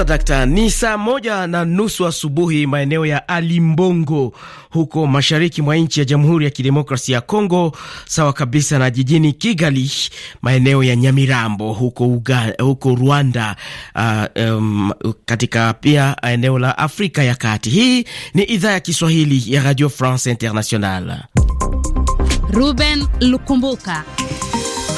Sasa dakta. Ni saa moja na nusu asubuhi maeneo ya Alimbongo huko mashariki mwa nchi ya Jamhuri ya Kidemokrasia ya Kongo, sawa kabisa na jijini Kigali maeneo ya Nyamirambo huko, Uga, huko Rwanda. Uh, um, katika pia eneo la Afrika ya Kati. Hii ni idhaa ya Kiswahili ya Radio France Internationale. Ruben Lukumbuka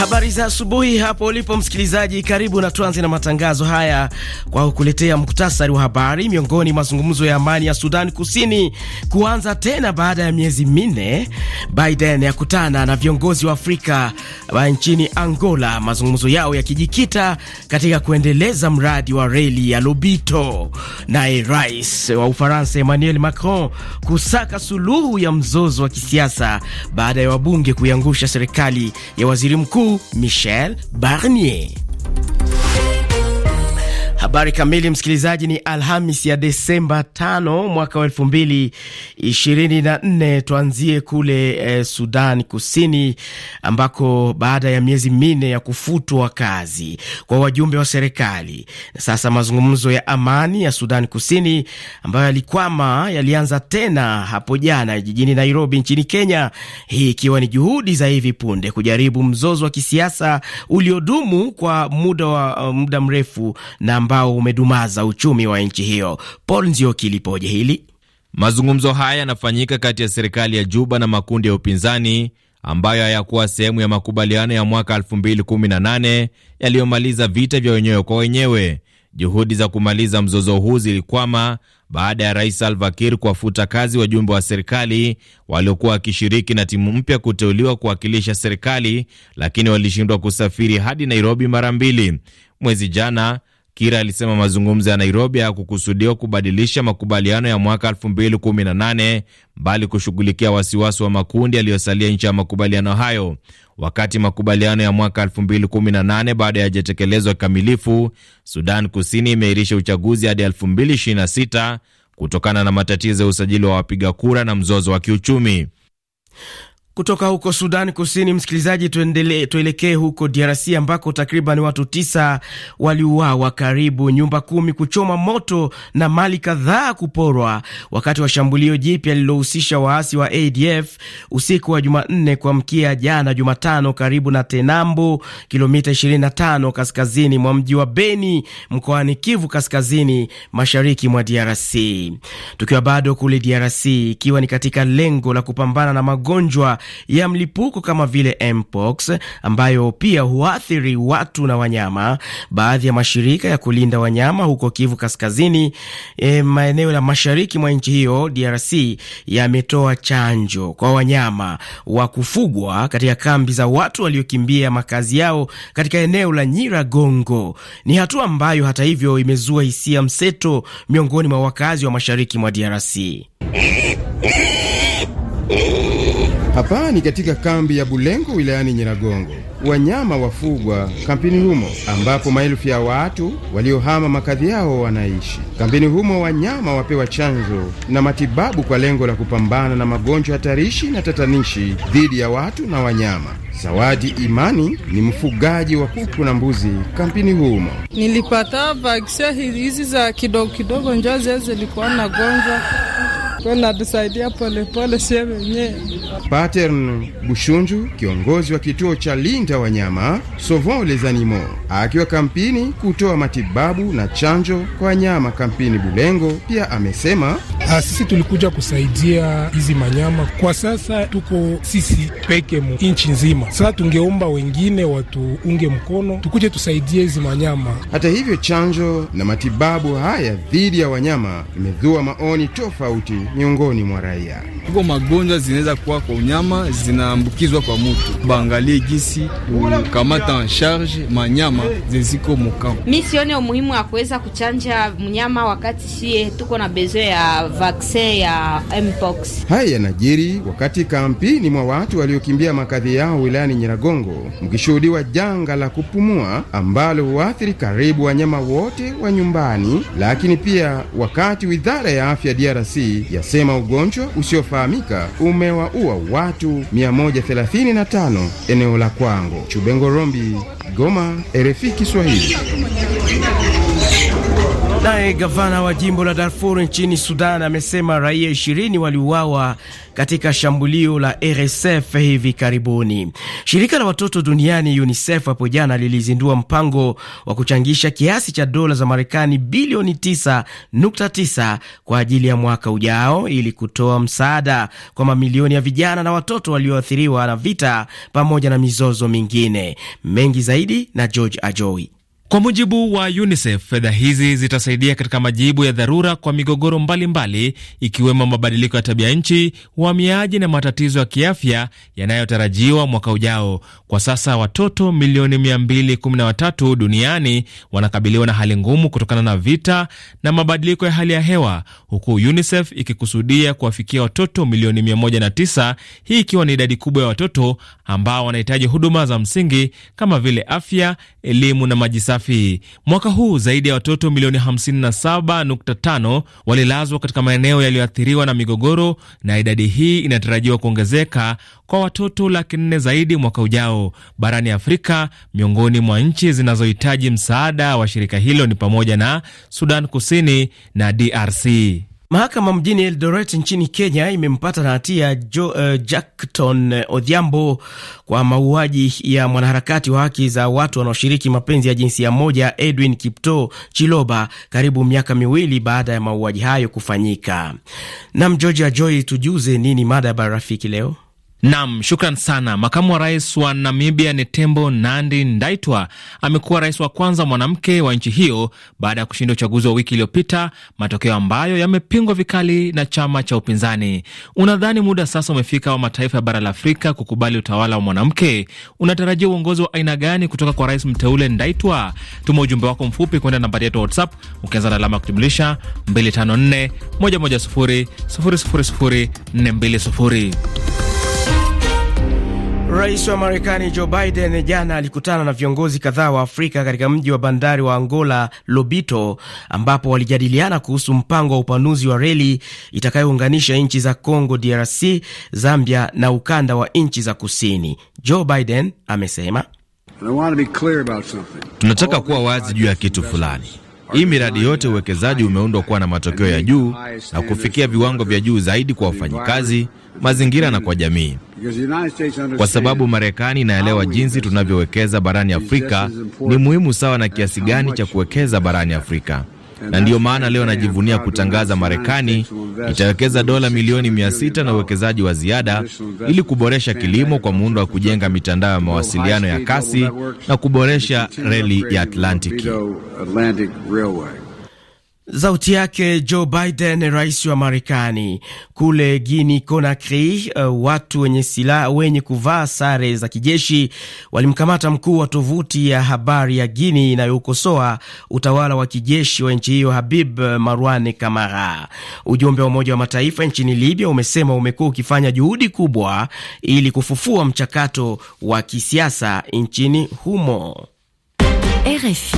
Habari za asubuhi hapo ulipo msikilizaji, karibu na tuanze na matangazo haya kwa kukuletea muktasari wa habari. Miongoni mazungumzo ya amani ya Sudan Kusini kuanza tena baada ya miezi minne. Biden yakutana na viongozi wa Afrika nchini Angola, mazungumzo yao yakijikita katika kuendeleza mradi wa reli ya Lobito. Naye rais wa Ufaransa Emmanuel Macron kusaka suluhu ya mzozo wa kisiasa baada ya wabunge kuiangusha serikali ya waziri mkuu Michel Barnier. Habari kamili, msikilizaji, ni Alhamis ya Desemba 5 mwaka wa nne. Tuanzie kule eh, Sudan Kusini ambako baada ya miezi minne ya kufutwa kazi kwa wajumbe wa serikali na sasa mazungumzo ya amani ya Sudan Kusini ambayo yalikwama yalianza tena hapo jana jijini Nairobi nchini Kenya, hii ikiwa ni juhudi za hivi punde kujaribu mzozo wa kisiasa uliodumu kwa muda wa uh, muda mrefu na ambao umedumaza uchumi wa nchi hiyo. Paul Nzioki lipoje hili? Mazungumzo haya yanafanyika kati ya serikali ya Juba na makundi ya upinzani ambayo hayakuwa sehemu ya makubaliano ya mwaka 2018 yaliyomaliza vita vya wenyewe kwa wenyewe. Juhudi za kumaliza mzozo huu zilikwama baada ya rais Salva Kiir kuwafuta kazi wajumbe wa serikali waliokuwa wakishiriki na timu mpya kuteuliwa kuwakilisha serikali, lakini walishindwa kusafiri hadi Nairobi mara mbili. Mwezi jana Kira alisema mazungumzo ya Nairobi hayakukusudiwa kubadilisha makubaliano ya mwaka 2018 bali kushughulikia wasiwasi wa makundi yaliyosalia nchi ya makubaliano hayo. Wakati makubaliano ya mwaka 2018 baada yajatekelezwa kikamilifu, Sudan Kusini imeirisha uchaguzi hadi 2026 kutokana na matatizo ya usajili wa wapiga kura na mzozo wa kiuchumi. Kutoka huko Sudan Kusini, msikilizaji, tuendelee, tuelekee huko DRC ambako takriban watu tisa waliuawa, karibu nyumba kumi kuchoma moto na mali kadhaa kuporwa wakati wa shambulio jipya lililohusisha waasi wa ADF usiku wa Jumanne kuamkia jana Jumatano, karibu na Tenambo, kilomita 25 kaskazini mwa mji wa Beni mkoani Kivu Kaskazini, mashariki mwa DRC. Tukiwa bado kule DRC, ikiwa ni katika lengo la kupambana na magonjwa ya mlipuko kama vile mpox ambayo pia huathiri watu na wanyama. Baadhi ya mashirika ya kulinda wanyama huko Kivu Kaskazini, e, maeneo la mashariki mwa nchi hiyo DRC yametoa chanjo kwa wanyama wa kufugwa katika kambi za watu waliokimbia makazi yao katika eneo la Nyiragongo. Ni hatua ambayo hata hivyo imezua hisia mseto miongoni mwa wakazi wa mashariki mwa DRC. Hapa ni katika kambi ya Bulengo wilayani Nyiragongo. Wanyama wafugwa kampini humo, ambapo maelfu ya watu waliohama makazi yao wanaishi. Kampini humo wanyama wapewa chanjo na matibabu kwa lengo la kupambana na magonjwa hatarishi na tatanishi dhidi ya watu na wanyama. Zawadi Imani ni mfugaji wa kuku na mbuzi kampini humo. Nilipata vaksia hizi za kidogo kidogo, njoo zilikuwa na gonjwa natusaidia polepole sie wenyewe. Patern Bushunju, kiongozi wa kituo cha Linda wanyama Sauvons les Animaux, akiwa kampini kutoa matibabu na chanjo kwa wanyama kampini Bulengo, pia amesema Ah, sisi tulikuja kusaidia hizi manyama. Kwa sasa tuko sisi peke mu nchi nzima, sasa tungeomba wengine watuunge mkono, tukuje tusaidie hizi manyama. Hata hivyo, chanjo na matibabu haya dhidi ya wanyama imedhua maoni tofauti miongoni mwa raia. Tuko magonjwa zinaweza kuwa kwa unyama, zinaambukizwa kwa mutu, baangalie gisi kukamata charge manyama zeziko mukampo. Mi sione umuhimu wa kuweza kuchanja mnyama wakati sie tuko na bezo ya vaksin ya mpox. Haya yanajiri wakati kampini mwa watu waliokimbia makazi yao wilayani Nyiragongo mkishuhudiwa janga la kupumua ambalo huathiri karibu wanyama wote wa nyumbani, lakini pia wakati wizara ya afya DRC yasema ugonjwa usiofahamika umewaua watu 135 eneo la Kwango. Chubengo Rombi, Goma, RFI Kiswahili. Naye gavana wa jimbo la Darfur nchini Sudan amesema raia ishirini waliuawa katika shambulio la RSF hivi karibuni. Shirika la watoto duniani UNICEF hapo jana lilizindua mpango wa kuchangisha kiasi cha dola za Marekani bilioni 9.9 kwa ajili ya mwaka ujao ili kutoa msaada kwa mamilioni ya vijana na watoto walioathiriwa na vita pamoja na mizozo mingine mengi zaidi. Na George Ajoi. Kwa mujibu wa UNICEF, fedha hizi zitasaidia katika majibu ya dharura kwa migogoro mbalimbali ikiwemo mabadiliko ya tabia nchi, uhamiaji na matatizo ya kiafya yanayotarajiwa mwaka ujao. Kwa sasa watoto milioni 213 duniani wanakabiliwa na hali ngumu kutokana na vita na mabadiliko ya hali ya hewa, huku UNICEF ikikusudia kuwafikia watoto milioni 109, hii ikiwa ni idadi kubwa ya watoto ambao wanahitaji huduma za msingi kama vile afya, elimu na maji safi safi. Mwaka huu zaidi ya watoto milioni 57.5 walilazwa katika maeneo yaliyoathiriwa na migogoro, na idadi hii inatarajiwa kuongezeka kwa watoto laki nne zaidi mwaka ujao. Barani Afrika, miongoni mwa nchi zinazohitaji msaada wa shirika hilo ni pamoja na Sudan Kusini na DRC. Mahakama mjini Eldoret nchini Kenya imempata na hatia uh, Jackton eh, Odhiambo kwa mauaji ya mwanaharakati wa haki za watu wanaoshiriki mapenzi ya jinsia moja Edwin Kipto Chiloba karibu miaka miwili baada ya mauaji hayo kufanyika. Nam Georgia Joy, tujuze nini mada ya bara rafiki leo? Nam, shukran sana. Makamu wa rais wa Namibia Netembo Nandi Ndaitwa amekuwa rais wa kwanza mwanamke wa nchi hiyo baada ya kushinda uchaguzi wa wiki iliyopita, matokeo ambayo yamepingwa vikali na chama cha upinzani. Unadhani muda sasa umefika wa mataifa ya bara la Afrika kukubali utawala wa mwanamke? Unatarajia uongozi wa aina gani kutoka kwa rais mteule Ndaitwa? Tuma ujumbe wako mfupi kwenda nambari yetu WhatsApp ukianza na alama ya kujumlisha 254 110 000 420. Rais wa Marekani Joe Biden jana alikutana na viongozi kadhaa wa Afrika katika mji wa bandari wa Angola, Lobito, ambapo walijadiliana kuhusu mpango wa upanuzi wa reli itakayounganisha nchi za Congo DRC, Zambia na ukanda wa nchi za kusini. Joe Biden amesema, tunataka kuwa wazi juu ya kitu fulani. Hii miradi yote uwekezaji umeundwa kuwa na matokeo ya juu na kufikia viwango vya juu zaidi kwa wafanyikazi mazingira na kwa jamii, kwa sababu Marekani inaelewa jinsi tunavyowekeza barani Afrika ni muhimu sawa na kiasi gani cha kuwekeza barani Afrika na ndiyo maana leo najivunia kutangaza Marekani itawekeza dola milioni mia sita na uwekezaji wa ziada ili kuboresha kilimo kwa muundo wa kujenga mitandao ya mawasiliano ya kasi na kuboresha reli ya Atlantiki. Sauti yake Joe Biden, rais wa Marekani. Kule guini Conakry, uh, watu wenye silaha wenye kuvaa sare za kijeshi walimkamata mkuu wa tovuti ya habari ya Guini inayokosoa utawala wa kijeshi wa nchi hiyo, Habib Marwane Kamara. Ujumbe wa Umoja wa Mataifa nchini Libya umesema umekuwa ukifanya juhudi kubwa ili kufufua mchakato wa kisiasa nchini humo. RFI.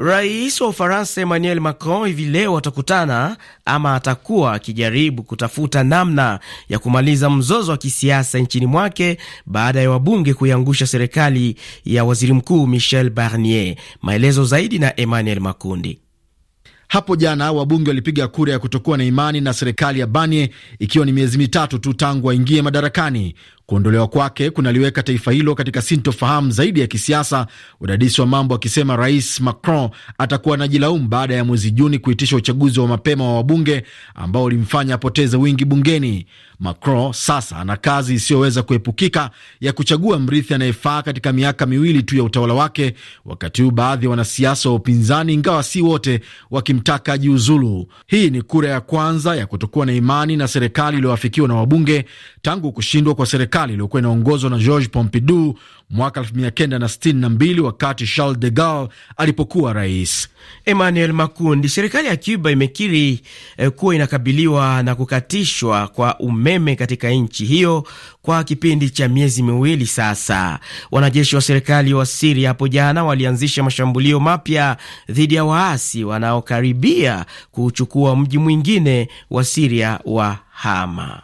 Rais wa Ufaransa Emmanuel Macron hivi leo atakutana ama atakuwa akijaribu kutafuta namna ya kumaliza mzozo wa kisiasa nchini mwake baada ya wabunge kuiangusha serikali ya waziri mkuu Michel Barnier. Maelezo zaidi na Emmanuel Makundi. Hapo jana wabunge walipiga kura ya kutokuwa na imani na serikali ya Barnier ikiwa ni miezi mitatu tu tangu aingie madarakani. Kuondolewa kwake kunaliweka taifa hilo katika sintofahamu zaidi ya kisiasa, wadadisi wa mambo akisema Rais Macron atakuwa anajilaumu baada ya mwezi Juni kuitisha uchaguzi wa mapema wa wabunge ambao ulimfanya apoteze wingi bungeni. Macron sasa ana kazi isiyoweza kuepukika ya kuchagua mrithi anayefaa katika miaka miwili tu ya utawala wake, wakati huu baadhi ya wanasiasa wa upinzani, ingawa si wote, wakim wakimtaka jiuzulu Hii ni kura ya kwanza ya kutokuwa na imani na serikali iliyoafikiwa na wabunge tangu kushindwa kwa serikali iliyokuwa inaongozwa na George Pompidou mwaka 1962 wakati Charles de Gaulle alipokuwa rais. Emmanuel Makundi, serikali ya Cuba imekiri eh, kuwa inakabiliwa na kukatishwa kwa umeme katika nchi hiyo kwa kipindi cha miezi miwili sasa. Wanajeshi wa serikali wa Siria hapo jana walianzisha mashambulio mapya dhidi ya waasi wanaokaribia kuchukua mji mwingine wa Siria wa Hama.